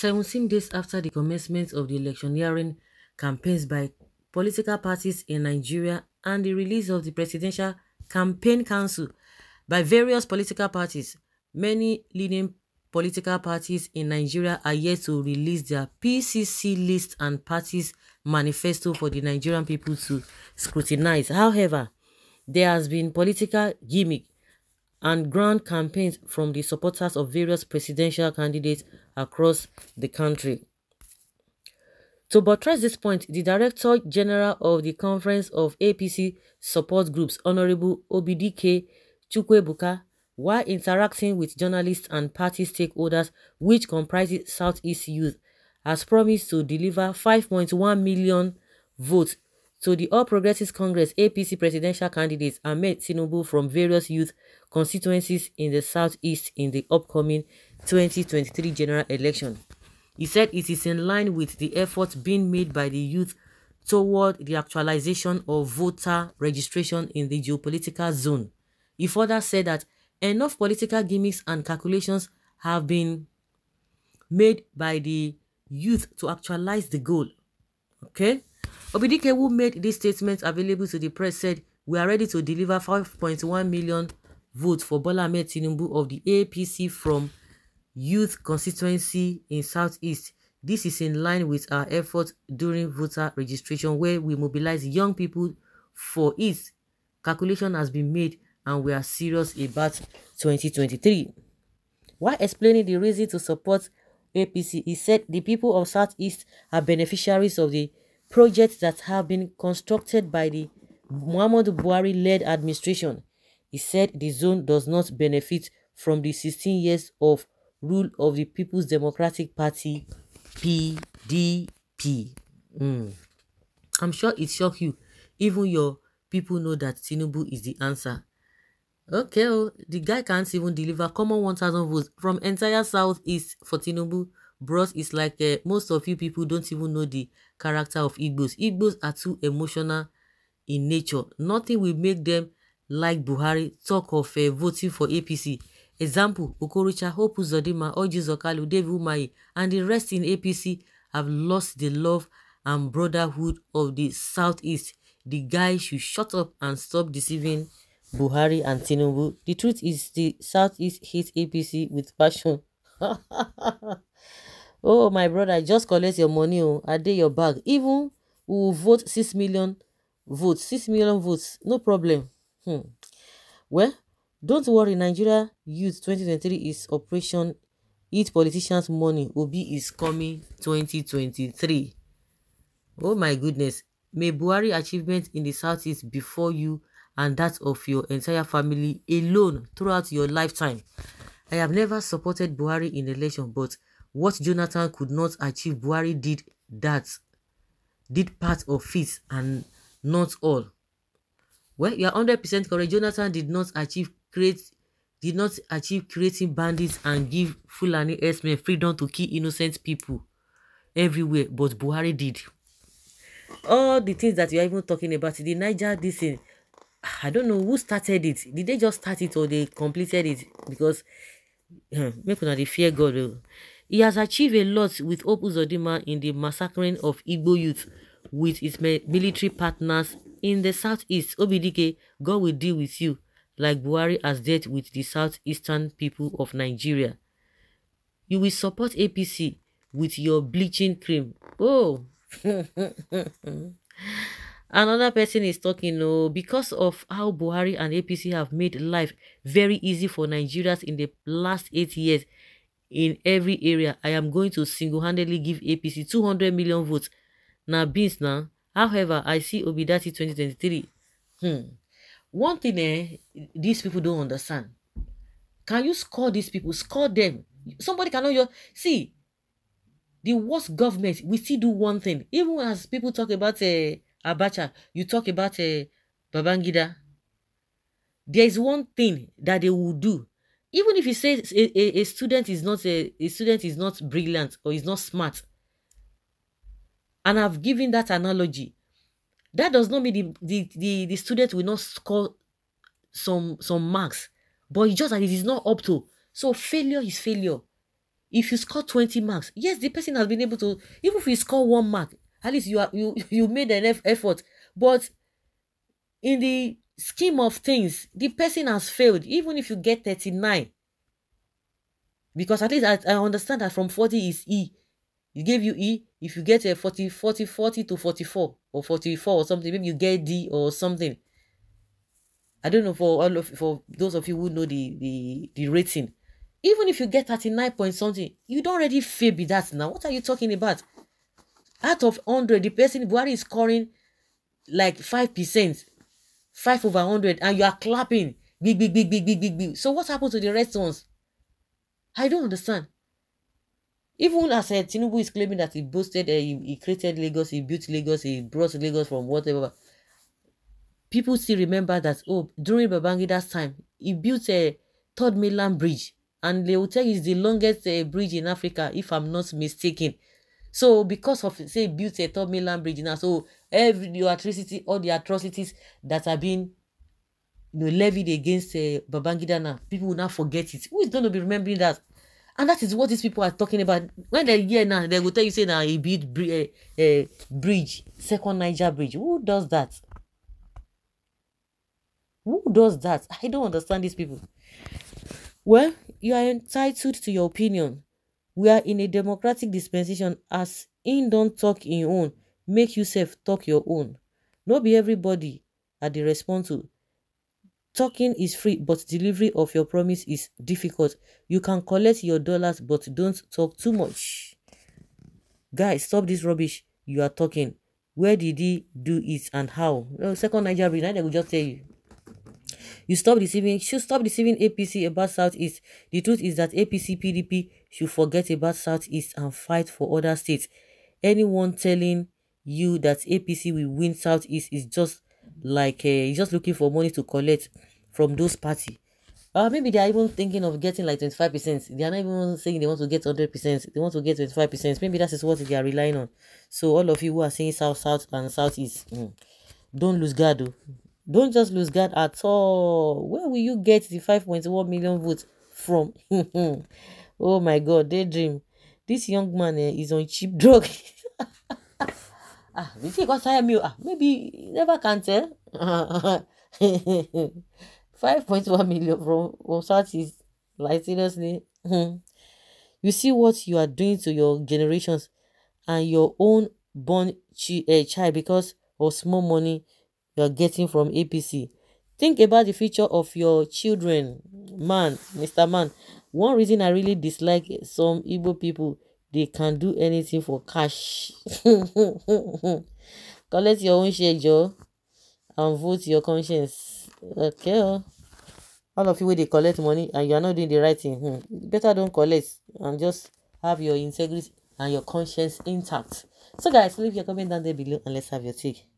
17 days after the commencement of the electioneering campaigns by political parties in Nigeria and the release of the Presidential Campaign Council by various political parties, many leading political parties in Nigeria are yet to release their PCC list and parties manifesto for the Nigerian people to scrutinize. However, there has been political gimmick and grand campaigns from the supporters of various presidential candidates across the country. To buttress this point, the Director General of the Conference of APC Support Groups, Honorable Obidike Chukwebuka, while interacting with journalists and party stakeholders, which comprises Southeast Youth, has promised to deliver 5.1 million votes to the All Progressives Congress APC presidential are Ahmed Tinubu from various youth constituencies in the southeast in the upcoming 2023 general election. He said it is in line with the efforts being made by the youth toward the actualization of voter registration in the geopolitical zone. He further said that enough political gimmicks and calculations have been made by the youth to actualize the goal. Okay? Obidike, who made this statement available to the press, said, We are ready to deliver 5.1 million votes for Bola Ahmed Tinubu of the APC from youth constituency in Southeast. This is in line with our efforts during voter registration where we mobilize young people for it. Calculation has been made and we are serious about 2023. While explaining the reason to support APC, he said the people of Southeast are beneficiaries of the projects that have been constructed by the Muhammadu Buhari-led administration. He said the zone does not benefit from the 16 years of rule of the People's Democratic Party, PDP. Mm. I'm sure it shocked you. Even your people know that Tinubu is the answer. Okay, oh, the guy can't even deliver common 1,000 votes from entire Southeast for Tinubu. brought is like uh, most of you people don't even know the character of Igbos. Igbos are too emotional in nature. Nothing will make them like Buhari talk of uh, voting for APC. Example, Okorocha, Hope Zodima, Oji David Umahi, and the rest in APC have lost the love and brotherhood of the Southeast. The guy should shut up and stop deceiving Buhari and Tinubu. The truth is the Southeast hates APC with passion. oh my brother I just collect your money o oh, i dey your bag even we will vote six million votes six million votes no problem hmm. well don't worry nigeria youth 2023 is operation eat politicians money obi is coming 2023 oh my goodness may buhari achievement in the southeast before you and that of your entire family alone throughout your lifetime i have never supported buhari in election but What Jonathan could not achieve, Buhari did that, did part of it and not all. Well, you are percent correct. Jonathan did not achieve create did not achieve creating bandits and give Fulani herdsmen freedom to kill innocent people everywhere, but Buhari did. All the things that you are even talking about, the Niger, this thing, I don't know who started it. Did they just start it or they completed it? Because, hmm, make una dey fear God. Uh, He has achieved a lot with Hope Uzodinma in the massacring of Igbo youth with his military partners in the southeast. Obidike, God will deal with you like Buhari has dealt with the southeastern people of Nigeria. You will support APC with your bleaching cream. Oh, another person is talking oh, because of how Buhari and APC have made life very easy for Nigerians in the last eight years in every area. I am going to single-handedly give APC 200 million votes. Now, beans now. However, I see Obidati 2023. Hmm. One thing eh, these people don't understand. Can you score these people? Score them. Somebody cannot just... See, the worst government, we still do one thing. Even as people talk about uh, Abacha, you talk about uh, Babangida. There is one thing that they will do even if you say a, a, a student is not a, a student is not brilliant or is not smart and i've given that analogy that does not mean the the the, the student will not score some some marks but it's just that it is not up to so failure is failure if you score 20 marks yes the person has been able to even if you score one mark at least you are you you made an effort but in the scheme of things, the person has failed, even if you get 39. Because at least I, I understand that from 40 is E. You gave you E, if you get a 40, 40, 40 to 44 or 44 or something, maybe you get D or something. I don't know for all of for those of you who know the the, the rating. Even if you get 39 point something, you don't already fail be that now. What are you talking about? Out of 100, the person Buhari is scoring like 5%. five over hundred and you are clapping big big big big big big big so what happened to the rest ones i don't understand even as uh, tinubu is claiming that he boosted uh, eh, he, he created lagos he built lagos he brought lagos from whatever people still remember that oh during babangida's time he built a uh, eh, third mainland bridge and they will tell you it's the longest uh, bridge in africa if i'm not mistaken so because of say build a third mainland bridge now so every the atrocity all the atrocities that have been you know levied against uh, babangida now people will not forget it who is going to be remembering that and that is what these people are talking about when they hear now they go tell you say na he build bri uh, uh, bridge second niger bridge who does that who does that i don't understand these people well you are entitled to your opinion we are in a democratic dispensation as im don tok im own make yourself talk your own no be everybody i dey respond to talking is free but delivery of your promise is difficult you can collect your dollars but don't talk too much guys stop this rubbish you are talking where did he do it and how well, second nigeria na dem go just tell you You stop receiving, should stop receiving APC about Southeast. The truth is that APC PDP should forget about Southeast and fight for other states. Anyone telling you that APC will win Southeast is just like uh, just looking for money to collect from those party. Uh, maybe they are even thinking of getting like 25%. They are not even saying they want to get 100%. They want to get 25%. Maybe that is what they are relying on. So all of you who are saying South, South and Southeast, mm, don't lose guard. Though. Don't just lose guard at all. Where will you get the 5.1 million votes from? oh my God, daydream. This young man eh, is on cheap drug. ah, we think what's me? Oh. Ah, maybe never can tell. 5.1 million from, from is Like seriously. you see what you are doing to your generations and your own born chi- uh, child because of small money You are getting from APC. Think about the future of your children, man, Mr. Man. One reason I really dislike some Igbo people, they can do anything for cash. Collect your own share, Joe, and vote your conscience. Okay. Oh. All of you where they collect money and you are not doing the right thing. Hmm. Better don't collect and just have your integrity and your conscience intact. So guys, leave your comment down there below and let's have your take.